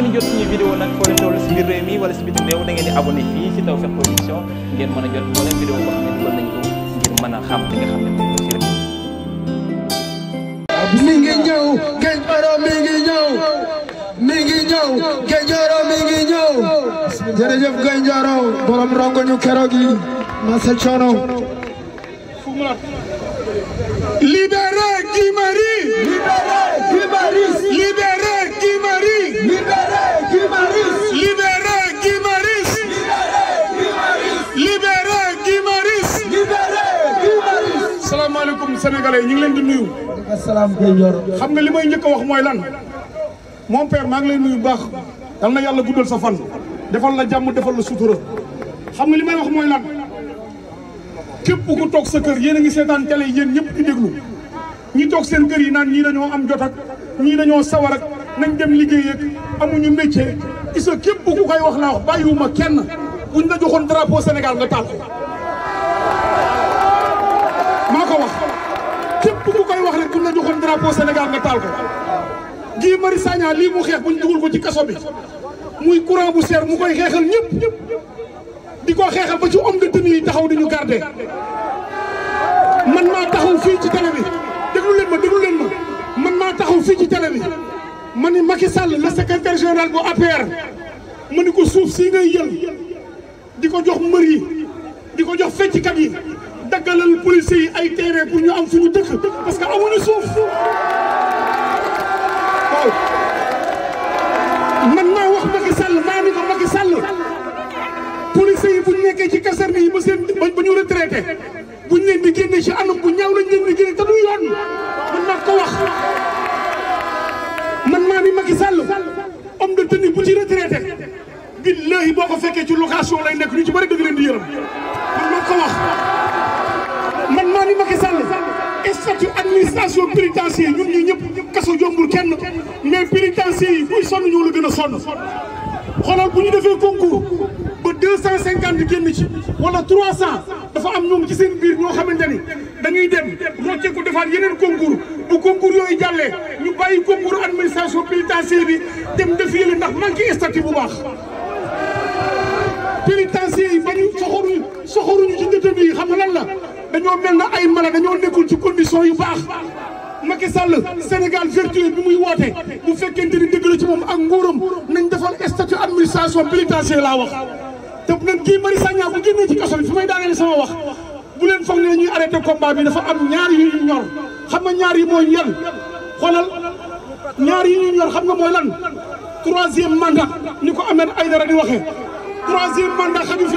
ngeen jot suñu vidéo nag foo leen toll si biir réew mi wala si biti réew da ngeen di abonné fii si Tawfekh Production ngeen mën a jot moo leen vidéo boo xam ne dugal nañ ko ngir mën a xam li nga xam ne moom la rek. mi ngi ñëw géej baro mi ngi ñëw mi ngi ñëw géej joro mi ngi ñëw jërëjëf géej joro borom rongo ñu keroog yi ma sa coono libéré Guy Marius sénégalais ñu ngi leen di nuyu. xam nga li may njëkk wax mooy lan mon père maa ngi lay nuyu baax dal na yàlla guddal sa fan defal la jàmm defal na sutura xam nga li may wax mooy lan képp ku toog sa kër yéen a ngi seetaan télé yéen ñëpp di déglu ñi toog seen kër yi naan ñii dañoo am jot ak ñii nañoo sawar ak nañ dem liggéey ak amuñu métier isa képp ku koy wax laa wax bàyyiwuma kenn buñ la joxoon drapeau Sénégal nga taal képp ku koy wax rek bu la joxoon drapeau Sénégal nga taal ko. Guy Marius Sagna lii mu xeex bu ñu dugal ko ci kaso bi muy courant bu seer mu koy xeexal ñëpp di ko xeexal ba ci homme de tenue yi taxaw di ñu garder man maa taxaw fii ci télé bi déglu ma déglu ma man maa taxaw fii ci télé bi ma ni Macky Sall le secrétaire général bu ma ni ko suuf si ngay jël di ko jox mbër yi di ko jox fecckat yi. daggalal police yi ay terrain bu ñu am suñu dëkk parce que amuñu suuf waaw man maa wax Macky maa ni ko Macky Sall yi bu nekkee ci caserne yi ba seen ba ñu retraité bu ñu leen di génne ci anam bu ñaaw lañ leen di génne te du yoon man maa ko wax man maa ni Macky Sall homme de bu ci retraité billahi boo ko fekkee ci location lay nekk ñu ci bëri dëgg leen di yërëm man maa ko wax ni Macky Sall statut administration pénitentiaire ñun ñu ñëpp kaso jombul kenn mais pénitentiaire yi buy sonn ñoo la a sonn xoolal bu ñu defee concours ba deux cent cinquante génn ci wala trois san dafa am ñoom ci seen biir ñoo xamante ni da ngay dem rocce ko defaat yeneen concours bu concours yooyu jàllee ñu bàyyi concours administration pénitentiaire bi dem def yële ndax manqué statut bu baax pénitentiaire yi bañu soxoruñu soxoruñu ci détenu yi xam dañoo mel na ay mala dañoo nekkul ci condition yu baax Macky Sall Sénégal vertueux bi muy woote bu fekkente ni dëgg la ci moom ak nguuram nañ defal statut administration pénitentiaire laa wax te nag kii Mari Sagna bu génnee ci kaso fi may daaneel sama wax bu leen foog ne dañuy arrêté combat bi dafa am ñaar yu ñu xam nga ñaar yi mooy yan xoolal ñaar yi ñu ñor xam nga mooy lan troisième mandat ni ko Ahmed Aïdara di waxee troisième mandat xaju fi